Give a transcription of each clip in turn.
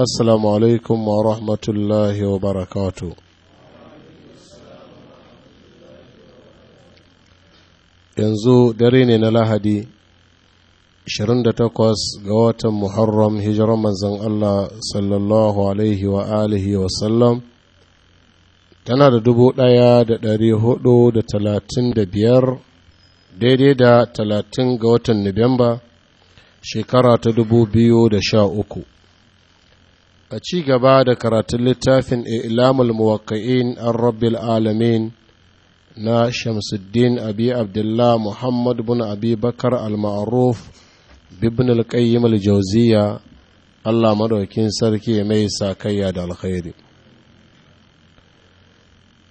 assalamu alaikum wa rahmatullahi wa barakatu yanzu dare ne na lahadi takwas ga watan muharram hijirar manzan Allah sallallahu alaihi wa alihi wa sallam tana da biyar daidai da talatin ga watan nuwamba shekara ta dubu biyu da uku. a ci gaba da karatun littafin ilamul muwakka'in an rabbil alamin na shamsuddin abi abdullah muhammad bin abi bakar al-ma'ruf bibin al-qayyim al allah madaukin sarki mai sakayya da alkhairi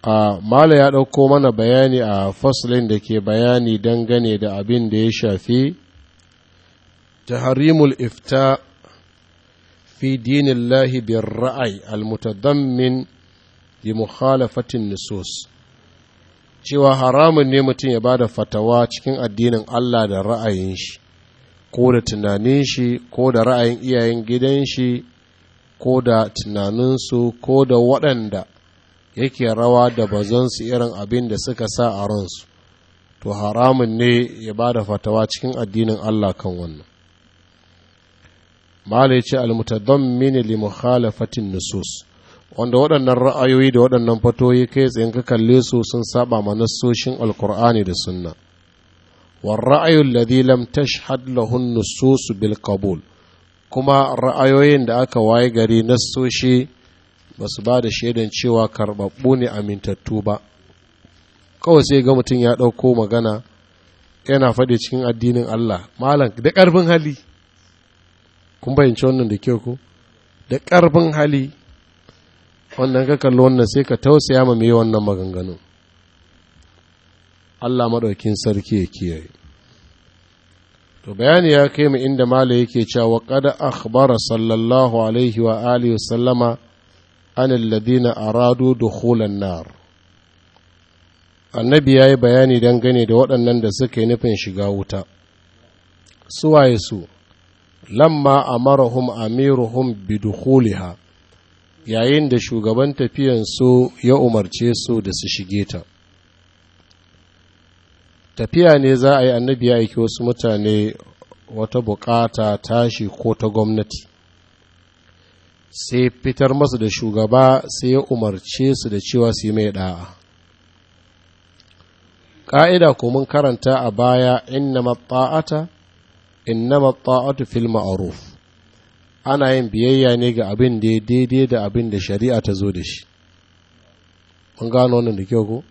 a mala ya ɗauko mana bayani a faslin da ke bayani dangane da abin da ya shafi ta harimul ifta في دين الله بالرأي المتضمن لمخالفة nisus cewa haramun ne mutum ya bada fatawa cikin addinin Allah da ra'ayin shi ko da tunanin shi ko da ra'ayin iyayen gidan shi ko da tunaninsu ko da waɗanda yake rawa da bazansu irin abin da suka sa a ransu to haramun ne ya ba da fatawa cikin addinin Allah kan wannan mala ya ce almutadammini li mukhalafatin nusus wanda waɗannan ra'ayoyi da waɗannan fatoyi kai tsayin ka kalle su sun saba ma nasoshin alkur'ani da sunna war ra'ayu alladhi lam tashhad lahu nusus bil qabul kuma ra'ayoyin da aka waye gari nasoshi ba su ba da shaidan cewa karbabbu ne amintattu ba kawai sai ga mutum ya ɗauko magana yana faɗi cikin addinin Allah malam da ƙarfin hali kun fahimci wannan da kyau ko da ƙarfin hali wannan ka kalli wannan sai ka tausaya ma mai wannan maganganu Allah maɗaukin sarki ya kiyaye to bayani ya kai mu inda mala yake cewa qad akhbara sallallahu alaihi wa alihi sallama an alladhina aradu dukhulan nar annabi yayi bayani dangane da waɗannan da suka yi nufin shiga wuta su waye su lamma amarahum amiruhum bidukhuliha yayin da shugaban tafiyan su ya umarce su da su shige ta tafiya ne za a yi annabi ya aiki wasu mutane wata bukata tashi ko ta gwamnati sai fitar masu da shugaba sai ya umarce su da cewa su yi mai ɗa'a. ƙa'ida ko mun karanta a baya inna matta'ata innama ta'atu fil ma'ruf ana yin biyayya ne ga abin da ya da abin da shari'a ta zo da shi mun gano wannan da kyau ko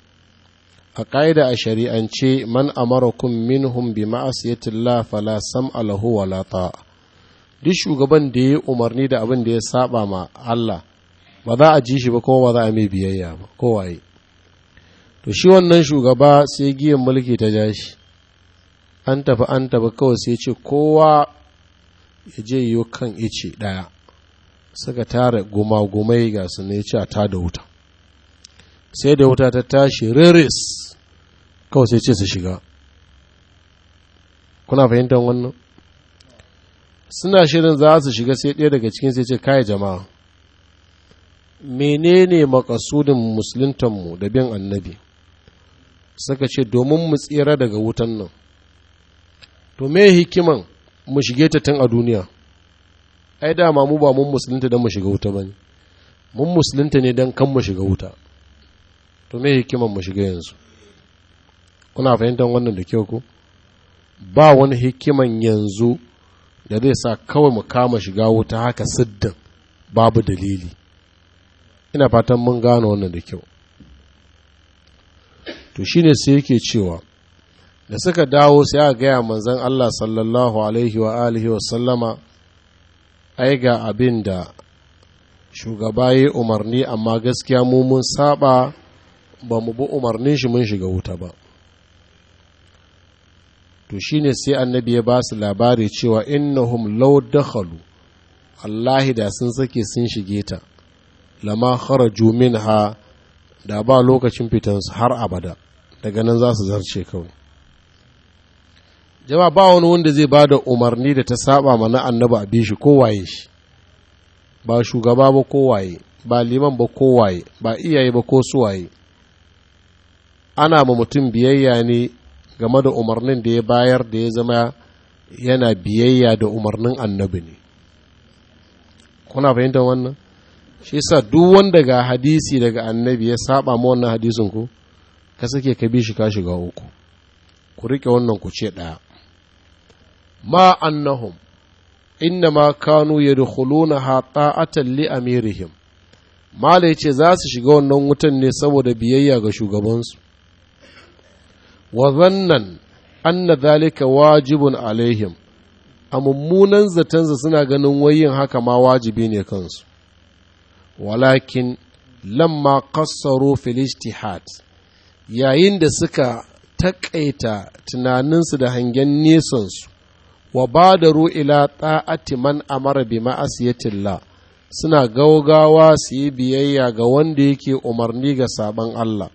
a ƙa'ida a shari'ance man amarakum minhum bi ma'asiyatillah fala sam'a lahu wala ta'a duk shugaban da ya umarni da abin da ya saba ma Allah ba za a ji shi ba kuma ba za a mai biyayya ba kowaye to shi wannan shugaba sai giyan mulki ta ja an tafi an tafi kawai sai ce kowa ya je yiwu kan ice ɗaya suka tara gumagumai ga su ne ce a ta da wuta sai da wuta ta tashi riris kawai sai ce su shiga kuna fahimtar wannan suna shirin za su shiga sai ɗaya daga cikin sai ce kai jama'a menene makasudin musuluntanmu da bin annabi suka ce domin mu tsira daga wutan nan to me hikiman mu shige ta tun a duniya ai dama mu ba mun musulunta don mu shiga wuta bane mun musulunta ne don kan mu shiga wuta to me hikiman mu shiga yanzu kuna fahimtar wannan da kyau ko ba wani hikiman yanzu da zai sa kawai mu kama shiga wuta haka siddin babu dalili ina fatan mun gane wannan da kyau to shine sai yake cewa da suka dawo sai a gaya manzan Allah sallallahu alaihi wa alihi wa sallama ai ga abin da shugaba yi umarni amma gaskiya mu mun saba ba mu bi umarnin shi mun shiga wuta ba to shine sai annabi ya ba su labari cewa innahum law dakhalu Allahi da sun sake sun shige ta lama jumin ha da ba lokacin fitansu har abada daga nan za su zarce kawai jama ba wani wanda zai ba da umarni da ta saba mana annaba a bi shi kowaye shi ba shugaba ba kowaye ba liman ba kowaye ba iyaye ba ko suwaye ana ma mutum biyayya ne game da umarnin da ya bayar da ya zama yana biyayya da umarnin annabi ne kuna fahimtar wannan shi yasa duk wanda ga hadisi daga annabi ya saba ma wannan hadisin ku ka sake ka bi shi ka shiga uku ku rike wannan ku ce ɗaya ma annahum innama kanu yadkhulunaha ta'atan li amirihim malai ce za su shiga wannan wutan ne saboda biyayya ga shugabansu wa zannan anna dhalika wajibun alaihim a mummunan zatonza suna ganin wayin haka ma wajibi ne kansu walakin lamma kasaro fil ijtihad yayin da suka taƙaita tunaninsu da hangen nesansu wa badaru ila ta'ati man amara bi ma'asiyatillah suna gaugawa su yi biyayya ga wanda yake umarni ga saban Allah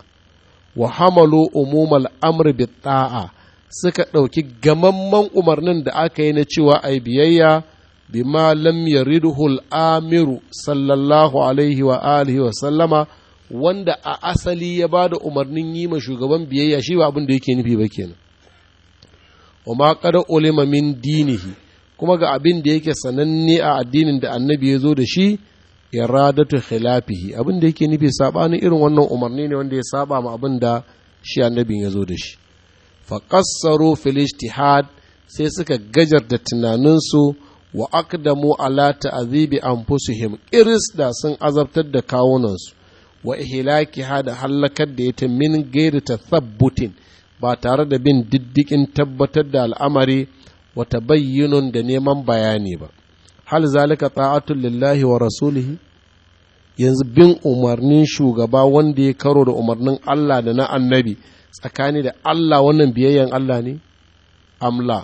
wa hamalu umumal amr bi ta'a suka ɗauki gamamman umarnin da aka yi na cewa ai biyayya bima lam yaridhu amiru sallallahu alaihi wa alihi wa sallama wanda a asali ya bada umarnin yi ma shugaban biyayya shi ba abin da yake nufi ba kenan wa ma ulima min dinihi kuma ga abin da yake sananne a addinin da annabi ya zo da shi iradatu khilafihi abin da yake nufi sabanin irin wannan umarni ne wanda ya saba ma abin da shi annabin ya zo da shi fa qassaru fil ijtihad sai suka gajar da tunaninsu wa aqdamu ala ta'dhibi anfusihim iris da sun azabtar da kawunansu wa ihlaki hada halakar da ita min gairi tathabbutin ba tare da bin diddikin tabbatar da al'amari wata bayyinun da neman bayani ba hal zalika ta'atul lillahi wa rasulihi yanzu bin umarnin shugaba wanda ya karo da umarnin Allah da na annabi tsakani da Allah wannan biyayyen Allah ne amla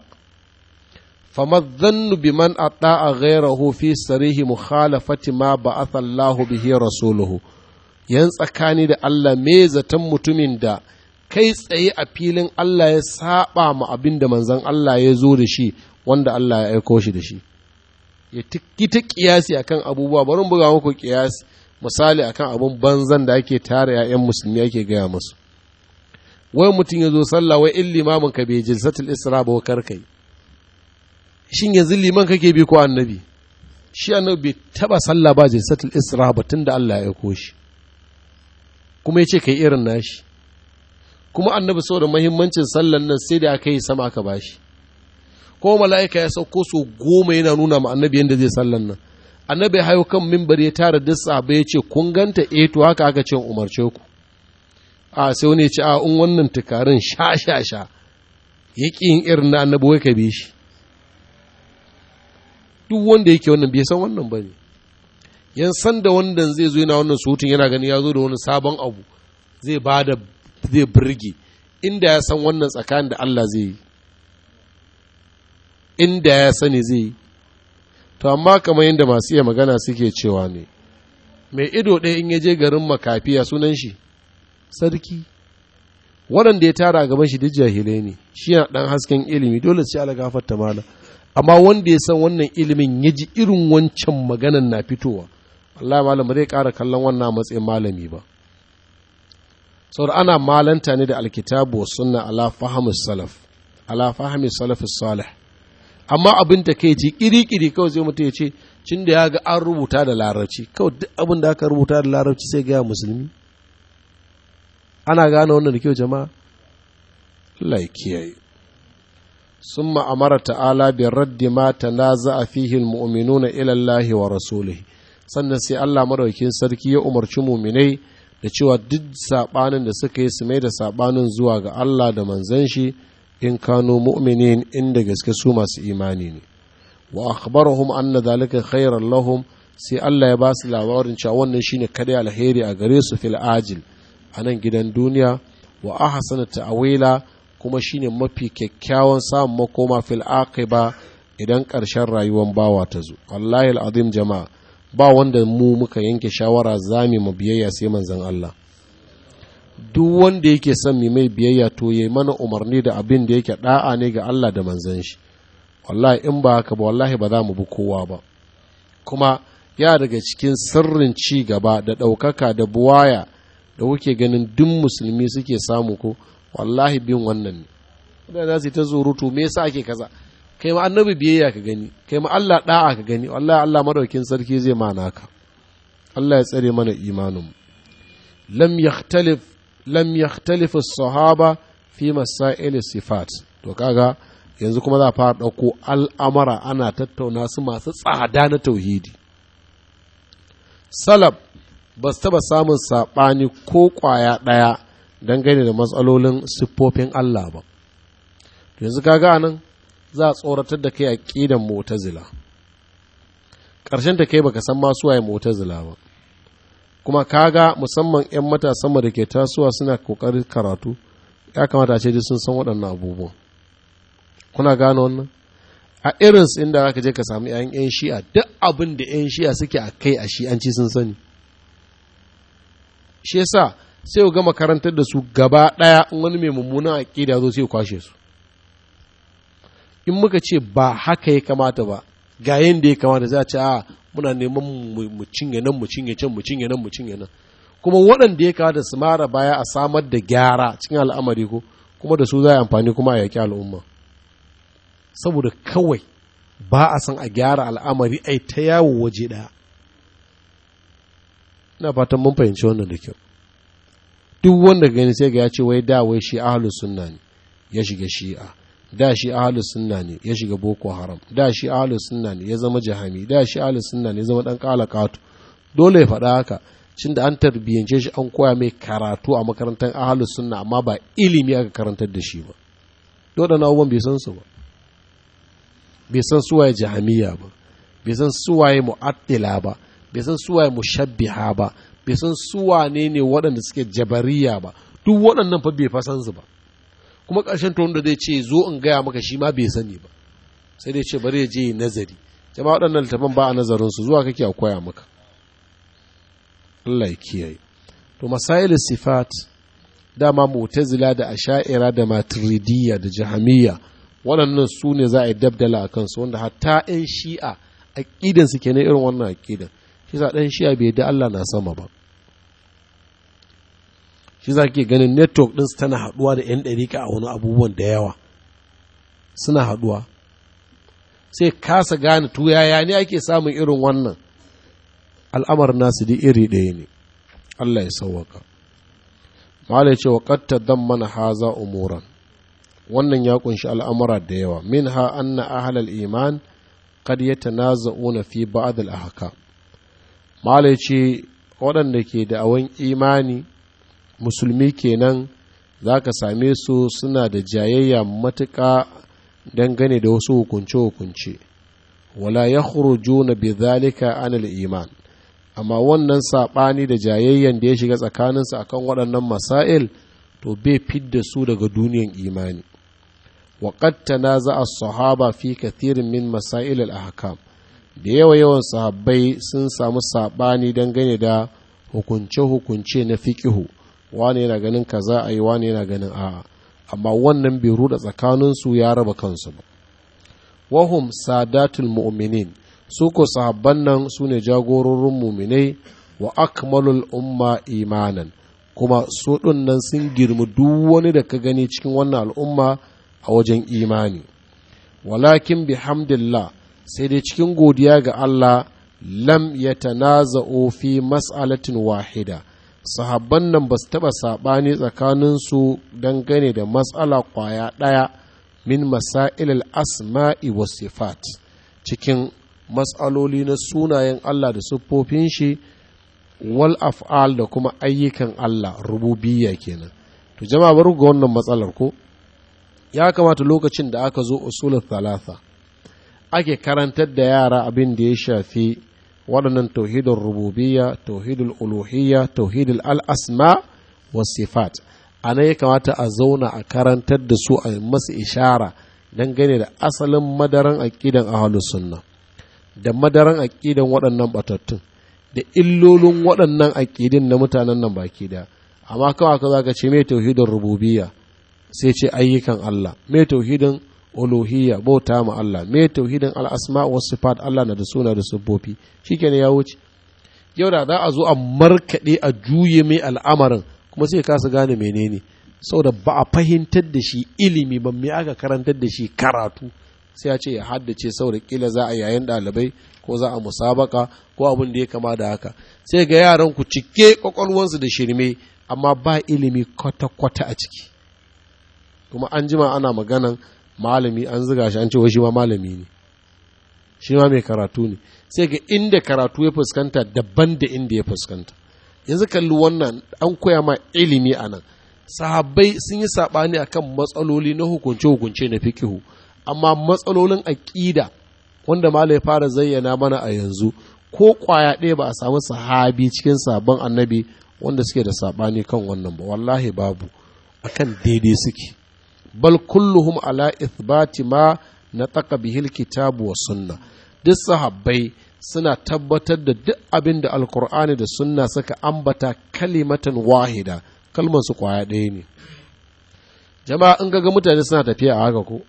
famadhannu biman ata'a ghayrahu fi sarihi mukhalafati ma ba'atha Allahu bihi rasuluhu yan tsakani da Allah me zaton mutumin da kai tsaye a filin Allah ya saba ma abin da manzan Allah ya zo da shi wanda Allah ya aiko shi da shi ya ta kiyasi akan abubuwa barin buga muku kiyasi misali akan abun banzan da ake tara ya'yan musulmi ake gaya musu wai mutum ya zo sallah wai in limamin ka bai jilsatul isra ba wakar kai shin yanzu liman kake bi ko annabi shi annabi bai taba sallah ba jilsatul isra ba tunda Allah ya aiko shi kuma ya ce kai irin nashi kuma annabi saboda mahimmancin sallan nan sai da aka yi sama aka bashi ko mala'ika ya sauko so goma yana nuna ma annabi yadda zai sallan nan annabi ya hayo kan mimbar ya tara duk sahabbai ya ce kun ganta eh to haka aka ce umarce ku a sai wani ya ce a in wannan tukarin sha sha sha ya ƙi yin irin na annabi wai ka bi shi duk wanda yake wannan bai san wannan ba ne yan san da wannan zai zo yana wannan surutun yana gani ya zo da wani sabon abu zai ba da zai birge inda ya san wannan tsakanin da Allah zai yi inda ya sani zai yi to amma kamar yadda masu iya magana suke cewa ne mai ido ɗaya in ya je garin makafiya sunan shi sarki waɗanda ya tara gaban shi duk jahilai ne shi yana ɗan hasken ilimi dole sai ala ta mala amma wanda ya san wannan ilimin ya ji irin wancan maganan na fitowa Allah malam ba zai ƙara kallon wannan matsayin malami ba saboda ana malanta ne da alkitabu wa sunna ala fahimu salaf ala fahimu salaf salih amma abin da kai ji kiri-kiri kawai zai mutu ya ce cin da ya ga an rubuta da larabci kawai duk abin da aka rubuta da larabci sai gaya musulmi ana gane wannan da kyau jama'a Allah kiyaye ثم أمر تعالى برد na za'a فيه المؤمنون ilallahi wa rasulihi sannan sai Allah maraukin sarki ya umarci muminai da cewa duk saɓanin da suka yi su mai da saɓanin zuwa ga Allah da manzan shi in kano mu'minin inda gaske su masu imani ne wa akhbarahum anna zalika khairan lahum sai Allah ya ba su labarin cewa wannan shine kada alheri a gare su fil ajil a nan gidan duniya wa ahsana ta'wila kuma shine mafi kyakkyawan samun makoma fil aqiba idan ƙarshen rayuwar bawa ta zo wallahi al'azim jama'a ba wanda mu muka yanke shawara za mu biyayya sai manzan Allah duk wanda yake son mu mai biyayya to ya yi mana umarni da abin da yake da'a ne ga Allah da manzan shi wallahi in ba haka ba wallahi ba za mu bi kowa ba kuma ya daga cikin sirrin ci gaba da ɗaukaka da buwaya da kuke ganin duk musulmi suke samu ko wallahi bin wannan ne da za su ta zurutu me yasa ake kaza kai ma annabi biyayya ka gani kai ma Allah da'a ka gani wallahi Allah madaukin sarki zai mana ka Allah ya tsare mana imanin lam yahtalif lam yahtalif as-sahaba fi masail sifat to kaga yanzu kuma za a fara ɗauko al'amara ana tattauna su masu tsada na tauhidi salab ba su taɓa samun saɓani ko ƙwaya ɗaya dangane da matsalolin siffofin Allah ba yanzu kaga anan. za a tsoratar da kai a ƙidan motazila ƙarshen ta kai baka san masu waye motazila ba kuma kaga musamman 'yan matasan da ke tasowa suna ƙoƙarin karatu ya kamata a ce duk sun san waɗannan abubuwan kuna gano wannan a irinsu inda za ka je ka sami 'yan 'yan shi'a duk abin da 'yan shi'a suke a kai a shi'anci sun sani shi yasa sai ku gama da su gaba ɗaya wani mai mummunan aƙida zo sai kwashe su in muka ce ba haka ya kamata ba ga yadda ya kamata za a ce a ah, muna neman mu cinye nan mu cinye can mu cinye nan mu cinye nan kuma waɗanda ya kamata su mara baya a samar da gyara cikin al'amari ko kuma da su za a amfani kuma a yaƙi al'umma saboda kawai ba a san a gyara al'amari yi ta yawo waje ɗaya ina fatan mun fahimci wannan da kyau duk wanda gani sai ga ya ce wai da wai shi ahlus sunna ne ya shiga shi'a da shi ahalus sunna ne ya shiga boko haram da shi ahalus sunna ne ya zama jahami da shi ahalus sunna ne ya zama dan kalakatu dole ya faɗa haka cin da an tarbiyyance shi an koya mai karatu a makarantar ahalus sunna amma ba ilimi aka karantar da shi ba dole na uban bai san su ba bai san suwaye jahamiya ba bai san suwaye mu'attila ba bai san suwaye mushabbiha ba bai san suwane ne waɗanda suke jabariya ba duk waɗannan fa bai fasan su ba kuma ƙarshen ta wanda zai ce zo in gaya maka shi ma bai sani ba sai dai ce bari ya je nazari jama'a waɗannan littafin ba a nazarin su zuwa kake a koya maka Allah ya kiyaye to masail sifat dama mu'tazila da asha'ira da maturidiyya da jahamiyya waɗannan su ne za a yi dabdala a kansu wanda hatta 'yan shi'a su kenan irin wannan aƙidan shi sa ɗan shi'a bai da Allah na sama ba shi za ke ganin network ɗinsu tana haɗuwa da 'yan ɗarika a wani abubuwan da yawa suna haɗuwa sai kasa gane tuyaya ne ake samun irin wannan al'amar nasu di iri ɗaya ne Allah ya sauwaka malai ce wa ƙatta dan mana haza umuran wannan ya kunshi al'amura da yawa min ha anna ahalal iman kad ya una fi ba'd al-ahkam malai ce waɗanda ke da awon imani musulmi kenan za ka same su suna da jayayya matuƙa dangane da wasu hukunce-hukunce wala ya na bi zalika anil iman amma wannan saɓani da jayayyan da ya shiga tsakaninsu kan waɗannan masail to bai fidda su daga duniyan imani na za a sahaba fi kathirin min masail al'ahakam ahkam da yawa yawan sahabbai sun samu saɓani dangane da hukunce-hukunce na fiƙihu wani yana ganin kaza a yi wani yana ganin a amma wannan bai ruda tsakaninsu ya raba kansu ba wahum sadatul mu'minin su ko sahabban nan su ne jagororin muminai wa akmalul umma imanan kuma su nan sun girma duk wani da ka gani cikin wannan al'umma a wajen imani walakin bihamdillah sai dai cikin godiya ga Allah lam yatanaza'u fi mas'alatin wahida sahabban nan ba su taɓa saɓani tsakaninsu dangane da matsala kwaya ɗaya min masa'il asma'i wa sifat cikin matsaloli na sunayen Allah da siffofin shi wal af'al da kuma ayyukan Allah rububiyya kenan to jama'a bar ga wannan matsalar ko ya kamata lokacin da aka zo usulul thalatha ake karantar da yara abin da ya shafi waɗannan tauhidin rububiyya tauhidul uluhiyya tauhidul al'asma wa sifat a nan ya kamata a zauna a karantar da su a masu ishara don gane da asalin madaran aƙidan ahalus sunna da madaran aƙidan waɗannan batattun da illolin waɗannan aƙidin na mutanen nan baki da amma kawai ka za ka ce mai tauhidin rububiyya sai ce ayyukan Allah mai tauhidin uluhiyya bauta ma Allah me tauhidin al'asma wa sifat Allah na da suna da siffofi shikenan ya wuce yau da za a zo a markaɗe a juye mai al'amarin kuma sai kasa gane menene saboda ba a fahimtar da shi ilimi ba me aka karantar da shi karatu sai ya ce ya haddace saboda kila za a yayin ɗalibai ko za a musabaka ko abin da ya kama da haka sai ga yaran ku cike kwakwalwansu da shirme amma ba ilimi kwata-kwata a ciki kuma an jima ana maganan malami an ziga shi an ce shi ma malami ne shi ma mai karatu ne sai ga inda karatu ya fuskanta daban da inda ya fuskanta yanzu kalli wannan an koya ma ilimi a nan sahabbai sun yi saɓani akan matsaloli na hukunce-hukunce na fikihu amma matsalolin aƙida wanda malam ya fara zayyana mana a yanzu ko kwaya ɗaya ba a samu sahabi cikin sabon annabi wanda suke da saɓani kan wannan ba wallahi babu akan daidai suke bal kulluhum ala ithbati ma na taka bihil kitabu wa sunna duk sahabbai suna tabbatar da duk abin da alkur'ani da sunna suka ambata kalimatan wahida kalmar su kwaya ɗaya ne jama'a in ga mutane suna tafiya a haka ko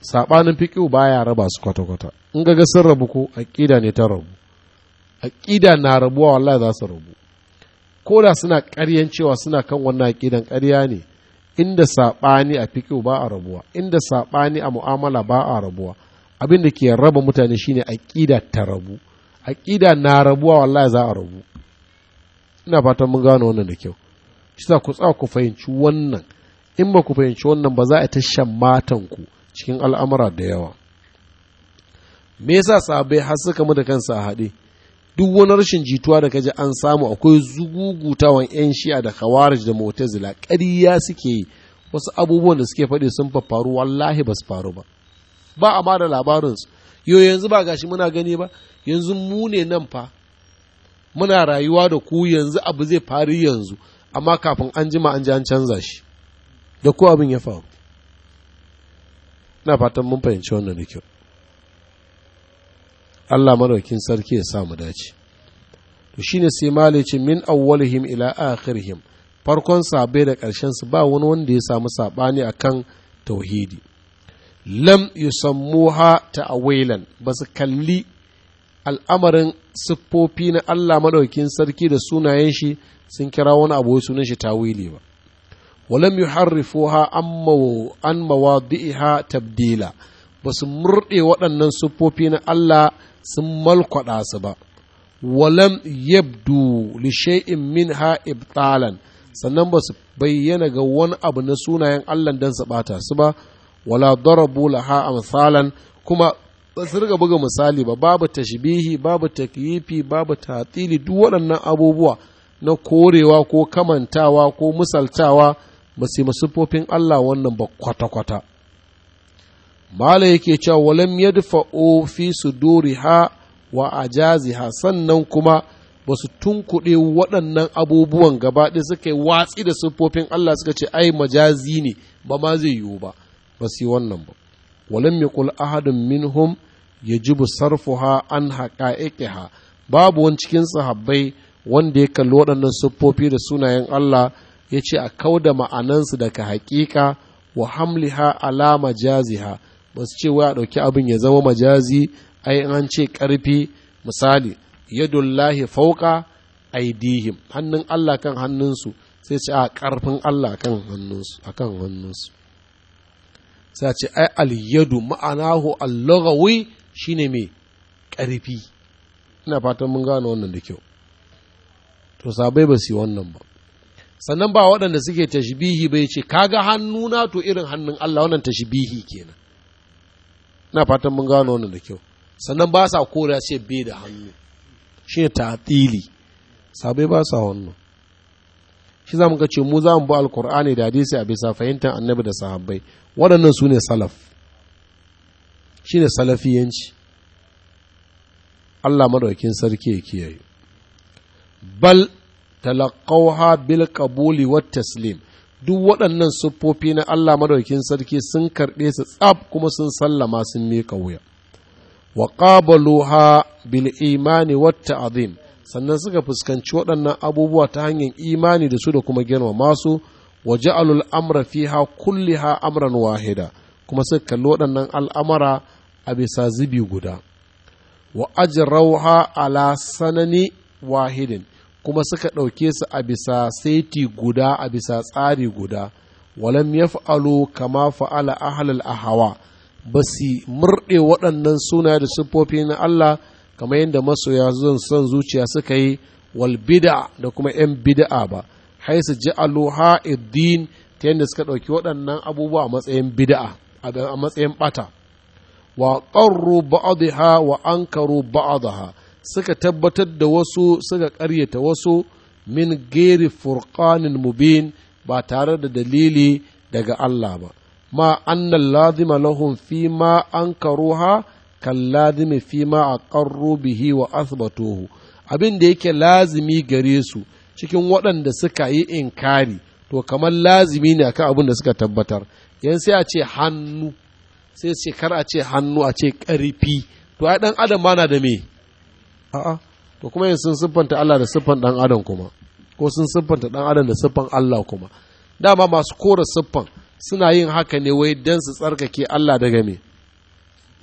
sabanin fiqhu baya raba su kwata kwata in ga sun rabu ko aqida ne ta rabu aqida na rabuwa wallahi za su rabu ko da suna ƙaryan cewa suna kan wannan aqidan ƙarya ne inda saɓani a fiƙo ba a rabuwa inda saɓani a mu'amala ba a rabuwa abin da ke raba mutane shine ƙida ta rabu ƙida na rabuwa wallahi za a rabu ina fatan mun gano wannan da kyau shi sa ku tsaya ku fahimci wannan in ba ku fahimci wannan ba za a ta shan matan ku cikin al'amura da yawa me yasa sabai har suka mu da kansa a haɗe duk wani rashin jituwa da kaji an samu akwai zugugutawan 'yan shi'a da khawarij da mutazila ƙarya suke yi wasu abubuwan da suke faɗi sun faru wallahi ba su faru ba ba a ma da su yo yanzu ba gashi muna gani ba yanzu mu ne nan fa muna rayuwa da ku yanzu abu zai faru yanzu amma kafin an jima an ji an canza shi da ko abin ya faru na fatan mun fahimci wannan da kyau Allah madaukin sarki ya sa mu dace to shine sai malicin min awwalihim ila akhirihim farkon sabai da ƙarshen su ba wani wanda ya samu sabani akan tauhidi lam yusammuha ta'awilan ba su kalli al'amarin siffofi na Allah maɗaukin sarki da sunayen shi sun kira wani abu sunan shi tawili ba walam yuharrifuha amma an mawadi'iha tabdila ba su murɗe waɗannan siffofi na Allah sun malkwaɗa su ba walam yabdu li shay'in minha ibtalan sannan ba su bayyana ga wani abu na sunayen Allah dan su bata su ba wala darabu laha amsalan kuma ba su riga buga misali ba babu tashbihi babu takyifi babu tatili duk waɗannan abubuwa na korewa ko kamantawa ko misaltawa ba su yi Allah wannan ba kwata-kwata bala yake cewa walam yadfa'u fi suduriha wa ajaziha sannan kuma ba su tunkuɗe waɗannan abubuwan gaba suka yi watsi da siffofin Allah suka ce ai majazi ne ba ma zai yiwu ba ba su yi wannan ba walam yaqul ahadin minhum sarfu sarfuha an haƙa ha babu wani cikin sahabbai wanda ya kalli waɗannan siffofi da sunayen Allah ya ce a kauda ma'anansu daga haƙiƙa wa hamliha ala majaziha ba su ce waya ɗauki abin ya zama majazi ai an ce ƙarfi misali yadullahi fauka aidihim hannun Allah kan hannunsu sai ce a ƙarfin Allah kan hannunsu akan hannunsu sai ce ai al-yadu ma'anahu al-lughawi shine mai ƙarfi ina fatan mun gane wannan da kyau to sabai ba su yi wannan ba sannan ba waɗanda suke tashbihi bai ce kaga hannuna to irin hannun Allah wannan tashbihi kenan na fatan mun gano wannan da kyau sannan ba sa kora ce bi da hannu shi ne tatili sabai ba sa wannan shi za mu ga ce mu za mu bi alkur'ani da hadisi a bisa fahimtar annabi da sahabbai waɗannan su ne salaf shi ne salafiyanci Allah maɗaukin sarki ya kiyaye bal talaqawha bil qabuli wat taslim duk waɗannan siffofi na Allah madaukin sarki sun karɓe su tsab kuma sun sallama sun miƙa wuya wa qabaluha bil imani wata ta'zim sannan suka fuskanci waɗannan abubuwa ta hanyar imani da su da kuma girma masu wa ja'alul amra fiha kulliha amran wahida kuma suka kalli waɗannan al'amara a bisa zubi guda wa ajrauha ala sanani wahidin kuma suka ɗauke su a bisa saiti guda a bisa tsari guda walam ya fa'alo kama fa'ala ahalal ahawa ba su murɗe waɗannan suna da siffofi na Allah kamar yadda masoya zan son zuciya suka yi wal bid'a da kuma 'yan bida'a ba Hai su haisu ja'alu iddin ta yadda suka ɗauki waɗannan abubuwa a matsayin bid'a a matsayin ɓata wa ƙarru ba'adha wa ankaru ba'adha suka tabbatar da wasu suka ƙaryata wasu min geri furqanin mubin ba tare da dalili daga Allah ba ma annal lazima lahum fi ma ankaruha kan lazimi fi ma aqarru bihi wa athbatuhu abin da yake lazimi gare su cikin waɗanda suka yi inkari to kamar lazimi ne akan abin da suka tabbatar yan sai a ce hannu sai ce a ce hannu a ce ƙarfi to ai dan adam ma na da me a'a to kuma yin sun siffanta Allah da siffan dan adam kuma ko sun siffanta dan adam da siffan Allah kuma dama masu kora siffan suna yin haka ne wai dan su tsarkake Allah daga me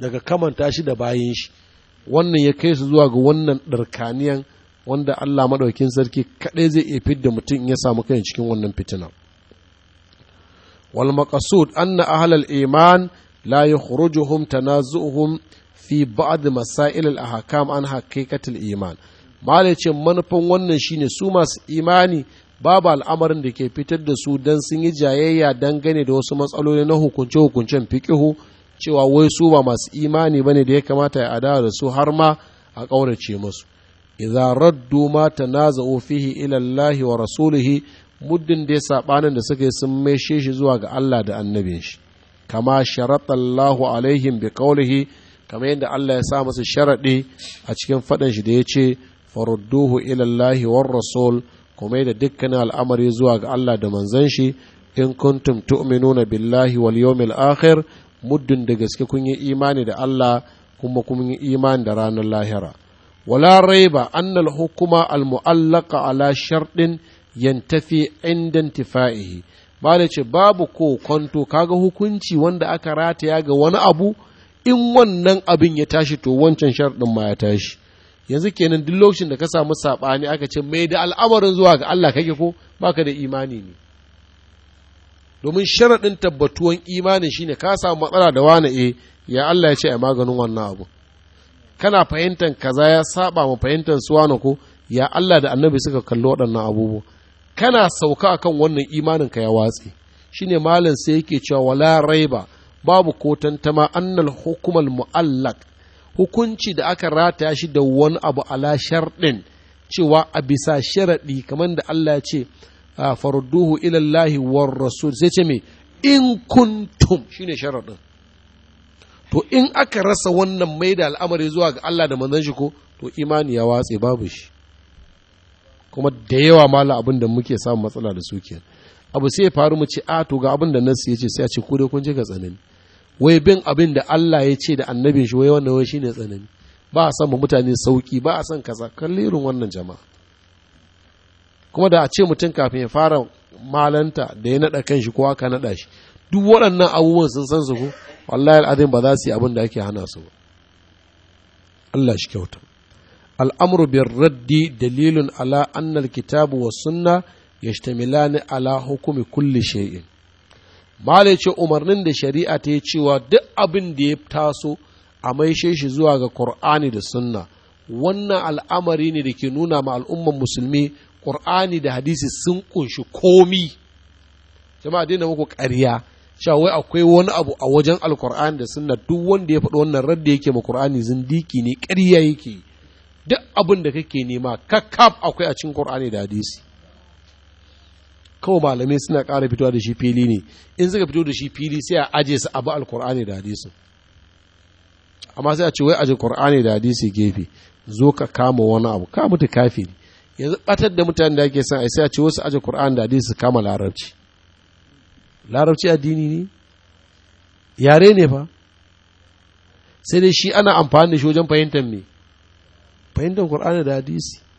daga kamanta shi da bayan shi wannan ya kai su zuwa ga wannan ɗarkaniyan wanda Allah maɗaukin sarki kaɗai zai iya fidda mutum in ya samu kai cikin wannan fitina wal maqsud anna ahlal iman la yukhrijuhum tanazuhum fi ba'ad masail al-ahkam an haqiqatul iman malai ce manufan wannan shine su masu imani babu al'amarin da ke fitar da su dan sun yi jayayya dangane da wasu matsaloli na hukunce hukuncen fiqihu cewa wai su ba masu imani bane da ya kamata ya adawa da su har ma a ƙaurace musu idza raddu ma tanaza'u fihi ila Allah wa rasulihi muddin da ya sabanin da suka yi sun maishe shi zuwa ga Allah da annabin shi kama sharatallahu alaihim bi qawlihi kamar yadda Allah ya sa masa sharaɗi a cikin faɗin shi da ya ce farudduhu ilallahi war rasul kuma yadda dukkanin al'amari zuwa ga Allah da manzon shi in kuntum tu'minuna billahi wal yawmil akhir muddin da gaske kun yi imani da Allah kuma kun yi imani da ranar lahira wala raiba annal hukuma al mu'allaqa ala sharɗin yantafi inda intifa'ihi ba da ce babu ko kwanto kaga hukunci wanda aka rataya ga wani abu in wannan abin ya tashi to wancan sharɗin ma ya tashi yanzu kenan duk lokacin da ka samu saɓani aka ce mai da al'amarin zuwa ga Allah kake ko baka da imani ne domin sharaɗin tabbatuwan imani shine ka samu matsala da wani eh ya Allah ya ce a maganin wannan abu kana fahimtar kaza ya saba ma fahimtar su wani ko ya Allah da annabi suka kalli waɗannan abubuwa kana sauka akan wannan imanin ka ya watse shine malam sai yake cewa wala raiba babu ko tantama annal hukumal mu'allaq hukunci da aka rataya shi da wani abu ala sharɗin cewa a bisa sharaɗi kamar da Allah ya ce farduhu ilallahi war rasul sai ce me in kuntum shine sharaɗin to in aka rasa wannan mai da al'amari zuwa ga Allah da manzon shi ko to imani ya watse babu shi kuma da yawa mala abin da muke samun matsala da su kenan abu sai ya faru mu ce a to ga abin da nasu ya ce sai a ce ku dai kun je ga tsanani wai bin abin da Allah ya ce da annabin shi wai wannan wai shine tsanani ba a san mu mutane sauki ba a san kaza kallirin wannan jama'a kuma da a ce mutum kafin ya fara malanta da ya nada kan shi ko aka nada shi duk waɗannan abubuwan sun san su ko wallahi al'adin ba za su yi abin da ake hana su ba Allah shi kyauta al'amru bir raddi dalilin ala annal kitabu was sunna yashtamilani ala hukumi kulli shay'in da ce umarnin da shari'a ta yi cewa duk abin da ya taso a maishe shi zuwa ga Ƙur'ani da sunna wannan al'amari ne da ke nuna ma al'umman musulmi Ƙur'ani da hadisi sun ƙunshi komi jama'a daina muku ƙarya cewa akwai wani abu a wajen alkur'ani da sunna duk wanda ya faɗi wannan radda yake ma qur'ani zindiki ne ƙarya yake duk abin da kake nema kakkaf akwai a cikin ƙur'ani da hadisi kawai malamai suna ƙara fitowa da shi fili ne in suka fito da shi fili sai a aje su abu alkur'ani da hadisi amma sai a ce wai aje qur'ani da hadisi gefe zo ka kama wani abu ka mutu ne yanzu batar da mutanen da ake son ai sai a ce wasu aje qur'ani da hadisi su kama larabci larabci addini ne yare ne fa sai dai shi ana amfani da shi wajen fahimtar me fahimtar qur'ani da hadisi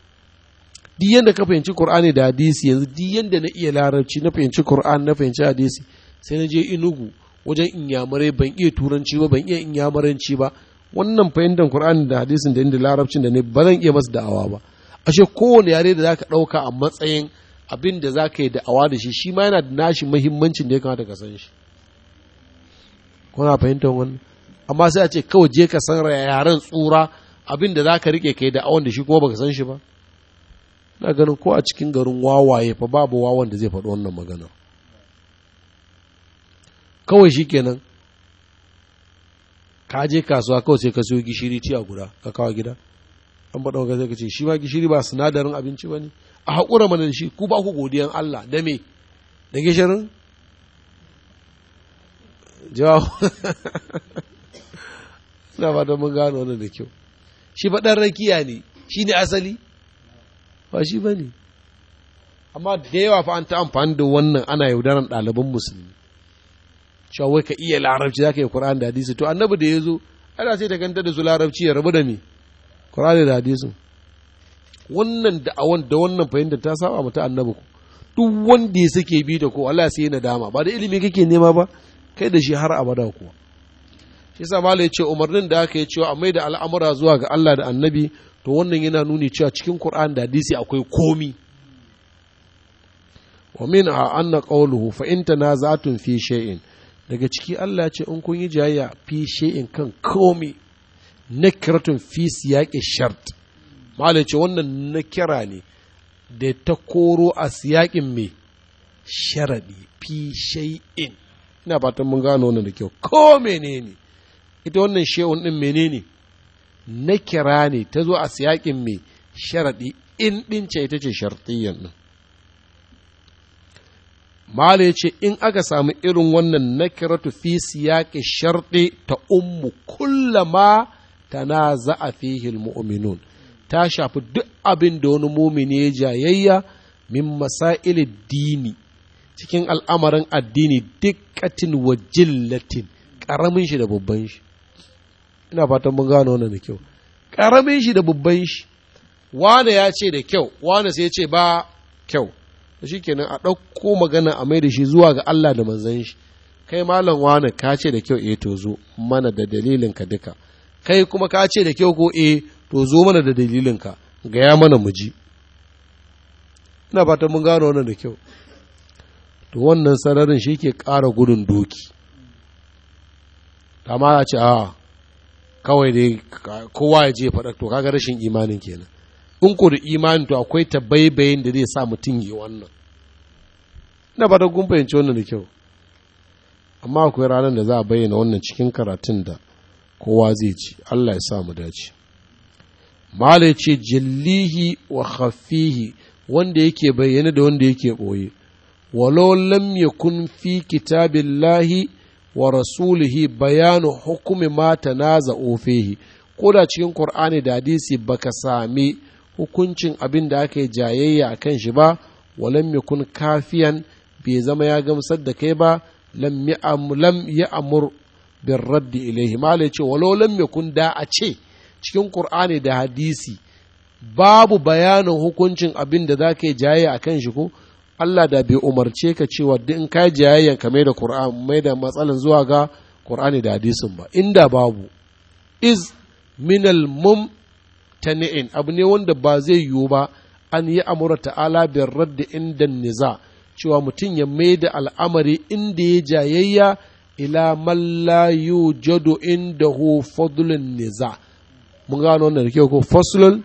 duk yadda ka fahimci Kur'ani da hadisi yanzu duk yanda na iya larabci na fahimci Kur'an na fahimci hadisi sai na je Inugu wajen inyamurai ban iya turanci ba ban iya inyamuranci ba wannan fahimtar Kur'ani da hadisin da inda larabcin da ne ba zan iya masu da'awa ba ashe kowane yare da zaka ɗauka a matsayin abin da zaka yi da'awa da shi shi ma yana da nashi muhimmancin da ya kamata ka san shi kuna fahimtar wannan amma sai a ce kawai je ka san yaren tsura abin da zaka rike kai da'awan da shi kuma baka san shi ba na ganin ko a cikin garin wawaye fa babu wawan da zai faɗi wannan magana kawai shi kenan ka je kasuwa kawai sai ka siyo gishiri ciya guda ka kawo gida an faɗa maka zai ka ce shi ma gishiri ba sinadarin abinci ba ne a haƙura mana shi ku ba ku godiyan Allah da me da gishirin jawo na fata mun gano wannan da kyau shi faɗar rakiya ne shi ne asali ba shi ba ne amma da yawa fa an ta amfani da wannan ana yaudaran ɗaliban musulmi cewa wai ka iya larabci za ka yi ƙura'an da hadisi to annabi da ya zo ana sai ta ganta da su larabci ya rabu da me ƙura'an da hadisu wannan da'awan da wannan fahimtar ta saba mata annabi ku duk wanda ya sake bi da ko Allah sai na dama ba da ilimi kake nema ba kai da shi har abada kuwa shi yasa malai ce umarnin da aka yi cewa a da al'amura zuwa ga Allah da annabi to wannan yana nuni cewa cikin Qur'an da hadisi akwai komi wa min a anna qawluhu fa in tanaza'tum fi shay'in daga ciki Allah ce in kun yi jaya fi shay'in kan komi nakiratun fi siyaqi shart malai ce wannan nakira ne da ta koro a siyaƙin mai sharaɗi fi shay'in ina fatan mun gano wannan da kyau ko menene ita wannan shehun din menene na kira ne ta zo a siyaƙin mai sharaɗi in ɗince ita ce sharɗiyyar nan mala ya ce in aka samu irin wannan na kiratu fi siyaƙi sharɗi ta ummu kullama tana a fi mu'minun ta shafi duk abin da wani mumini ya jayayya min masailin dini cikin al'amarin addini dikkatin wa jillatin ƙaramin shi da babban shi ina fatan mun gano wannan da kyau ƙaramin shi da babban shi wane ya ce da kyau wane sai ya ce ba kyau shi kenan a ɗauko magana a mai da shi zuwa ga Allah da manzan shi kai malam wane ka ce da kyau eh to zo mana da dalilinka duka kai kuma ka ce da kyau ko eh to zo mana da dalilinka gaya mana mu ji ina fatan mun gano wannan da kyau to wannan sararin shi ke ƙara gudun doki amma ya ce a ah, kawai dai kowa ya je faɗa to kaga rashin imanin kenan in ko da imanin to akwai tabaibayin da zai sa mutum yi wannan na ba da kun fahimci wannan da kyau amma akwai ranar da za a bayyana wannan cikin karatun da kowa zai ci Allah ya sa mu dace mala ya ce jallihi wa khafihi wanda yake bayyana da wanda yake ɓoye walau lam yakun fi kitabillahi wa rasulihi bayanu hukumi ma tanaza ofehi ko da cikin kur'ani da hadisi baka sami hukuncin abin da aka yi jayayya a kan shi ba walam yakun kafiyan bai zama ya gamsar da kai ba lam amur bin raddi ilaihi malai ce walau lam yakun da a ce cikin kur'ani da hadisi babu bayanin hukuncin abin da za jayayya a kan shi ko Allah da bai umarce ka cewa duk in kai jayayyan ka mai da Qur'an mai da matsalan zuwa ga Qur'ani da hadisin ba inda babu iz minal mum tani'in abu ne wanda ba zai yiwu ba an yi amura ta'ala bin radda inda niza cewa mutum ya mai da al'amari inda ya jayayya ila malla yujadu inda fadlun niza mun gano wannan ko fadlun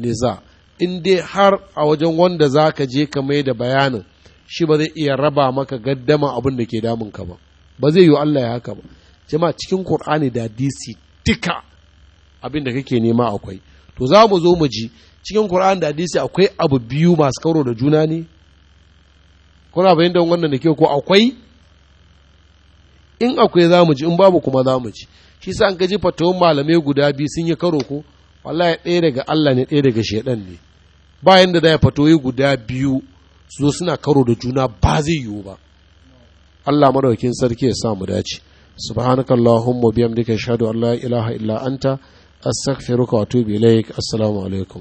niza' in dai har a wajen wanda za ka je ka mai da bayanin shi ba zai iya raba maka gaddama abin da ke damun ka ba ba zai yi Allah ya haka ba jama cikin Qur'ani da hadisi duka abin da kake nema akwai to za mu zo mu ji cikin Qur'ani da hadisi akwai abu biyu masu kauro da juna ne kuna bayin da wannan da ke ko akwai in akwai za mu ji in babu kuma za mu ji shi sa an gaji fatawun malamai guda biyu sun yi karo ko wallahi ɗaya daga Allah ne ɗaya daga shaidan ne bayan da zai fatoyi guda biyu su zo suna karo da juna ba zai yiwu ba Allah madaukin sarki ya sa mu dace subhanakallahumma bihamdika ashhadu an la ilaha illa anta astaghfiruka wa atubu ilaik assalamu alaikum